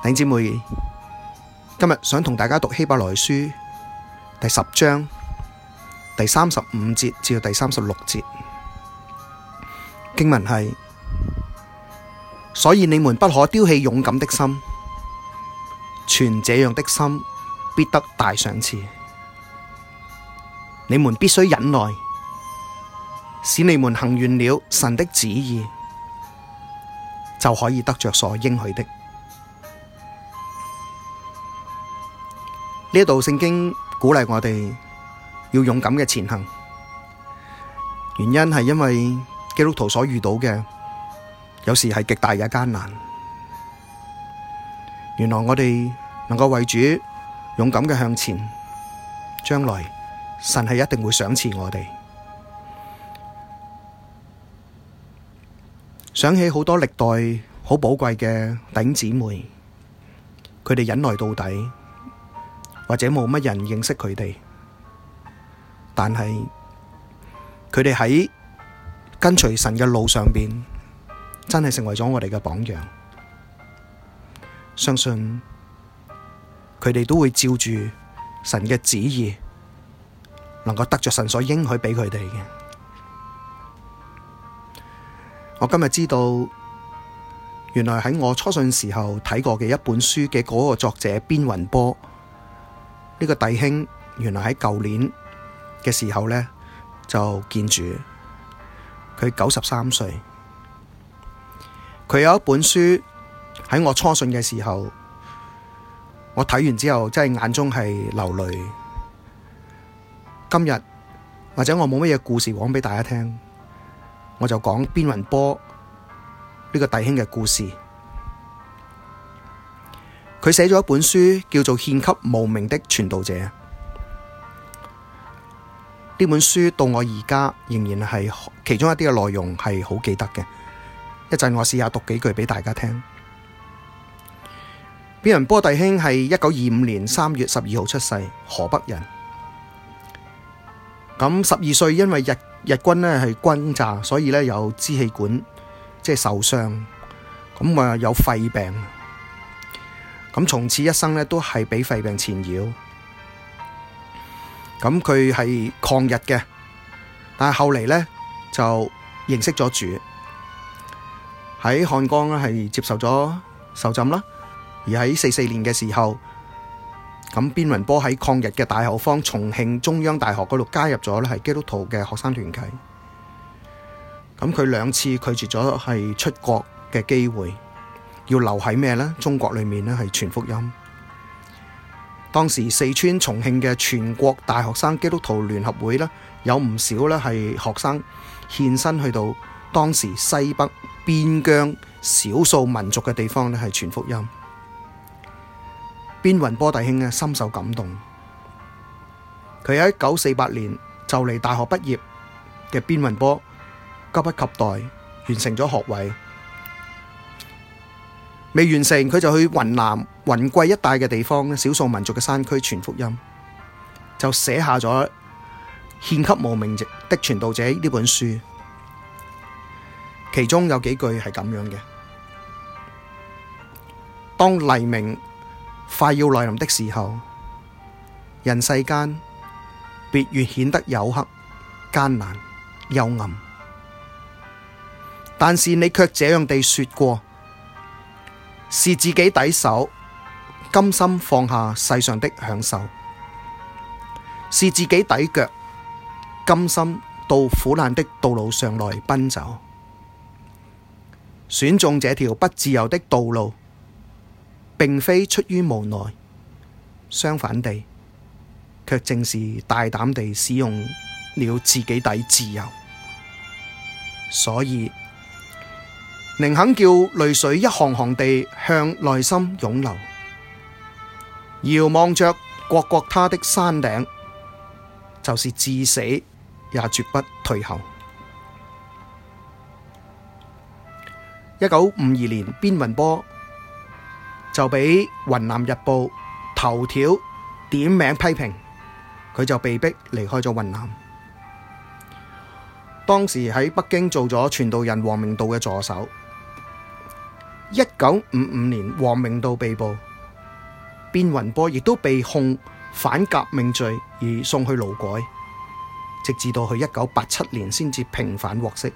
弟兄姊妹，今日想同大家讀希伯來書第十章第三十五節至到第三十六節經文係，所以你們不可丟棄勇敢的心，存這樣的心必得大賞賜。你們必須忍耐，使你們行完了神的旨意，就可以得着所應許的。呢度聖經鼓勵我哋要勇敢嘅前行，原因係因為基督徒所遇到嘅有時係極大嘅艱難。原來我哋能夠為主勇敢嘅向前，將來神係一定會賞賜我哋。想起好多歷代好寶貴嘅頂姊妹，佢哋忍耐到底。或者冇乜人認識佢哋，但係佢哋喺跟隨神嘅路上邊，真係成為咗我哋嘅榜樣。相信佢哋都會照住神嘅旨意，能夠得着神所應許畀佢哋嘅。我今日知道，原來喺我初信時候睇過嘅一本書嘅嗰個作者邊雲波。呢個弟兄原來喺舊年嘅時候咧，就見住佢九十三歲。佢有一本書喺我初信嘅時候，我睇完之後真係眼中係流淚。今日或者我冇乜嘢故事講畀大家聽，我就講邊雲波呢、這個弟兄嘅故事。佢寫咗一本書，叫做《獻給無名的傳道者》。呢本書到我而家仍然係其中一啲嘅內容係好記得嘅。一陣我試下讀幾句俾大家聽。邊雲波弟兄係一九二五年三月十二號出世，河北人。咁十二歲因為日日軍呢係轟炸，所以呢有支氣管即係受傷，咁啊有肺病。咁從此一生咧都係俾肺病纏繞，咁佢係抗日嘅，但係後嚟呢就認識咗主，喺漢江咧係接受咗受浸啦，而喺四四年嘅時候，咁邊雲波喺抗日嘅大後方重慶中央大學嗰度加入咗咧係基督徒嘅學生團體，咁佢兩次拒絕咗係出國嘅機會。要留喺咩咧？中國裏面咧係傳福音。當時四川重慶嘅全國大學生基督徒聯合會咧，有唔少咧係學生獻身去到當時西北邊疆少數民族嘅地方咧，係傳福音。邊雲波弟兄啊，深受感動。佢喺一九四八年就嚟大學畢業嘅邊雲波，急不及待完成咗學位。未完成，佢就去雲南、雲貴一帶嘅地方少數民族嘅山區傳福音，就寫下咗《獻給無名的傳道者》呢本書，其中有幾句係咁樣嘅：當黎明快要來臨的時候，人世間便越顯得黝黑、艱難、幽暗，但是你卻這樣地說過。是自己抵手，甘心放下世上的享受；是自己抵腳，甘心到苦難的道路上來奔走。選中這條不自由的道路，並非出於無奈，相反地，卻正是大膽地使用了自己抵自由。所以。寧肯叫淚水一行行地向內心湧流，遙望着各各他的山頂，就是至死也絕不退後。一九五二年，邊雲波就俾雲南日報頭條點名批評，佢就被迫離開咗雲南。當時喺北京做咗傳道人王明道嘅助手。一九五五年，王明道被捕，邊雲波亦都被控反革命罪而送去勞改，直至到去一九八七年先至平反獲釋。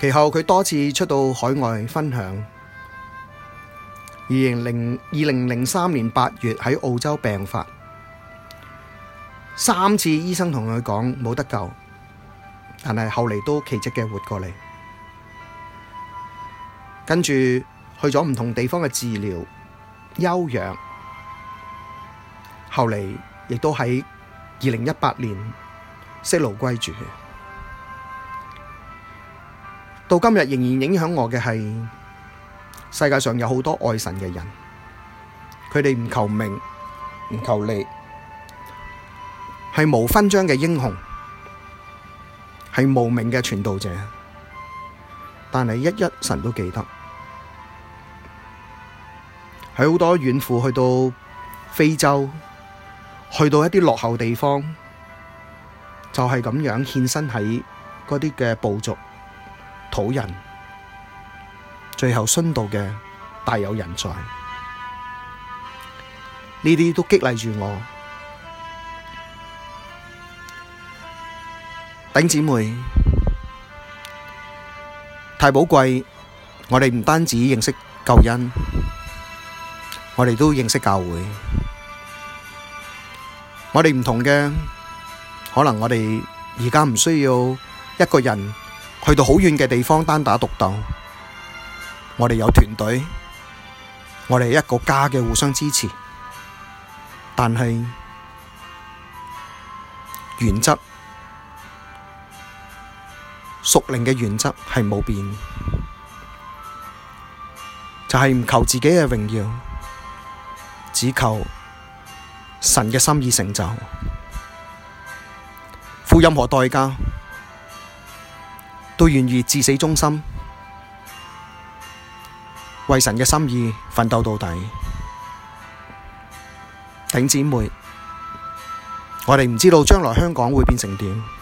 其後佢多次出到海外分享。二零零二零零三年八月喺澳洲病發，三次醫生同佢講冇得救，但係後嚟都奇蹟嘅活過嚟。跟住去咗唔同地方嘅治療、休養，後嚟亦都喺二零一八年息勞歸主，到今日仍然影響我嘅係世界上有好多愛神嘅人，佢哋唔求名、唔求利，係無勳章嘅英雄，係無名嘅傳道者。但係一一，神都記得，喺好多遠赴去到非洲，去到一啲落後地方，就係咁樣獻身喺嗰啲嘅部族、土人，最後殉道嘅大有人在。呢啲都激勵住我。丁姊妹。太寶貴，我哋唔單止認識救恩，我哋都認識教會。我哋唔同嘅，可能我哋而家唔需要一個人去到好遠嘅地方單打獨鬥。我哋有團隊，我哋係一個家嘅互相支持。但係原則。屬靈嘅原則係冇變，就係、是、唔求自己嘅榮耀，只求神嘅心意成就，付任何代價都願意至死忠心，為神嘅心意奮鬥到底。頂姐妹，我哋唔知道將來香港會變成點。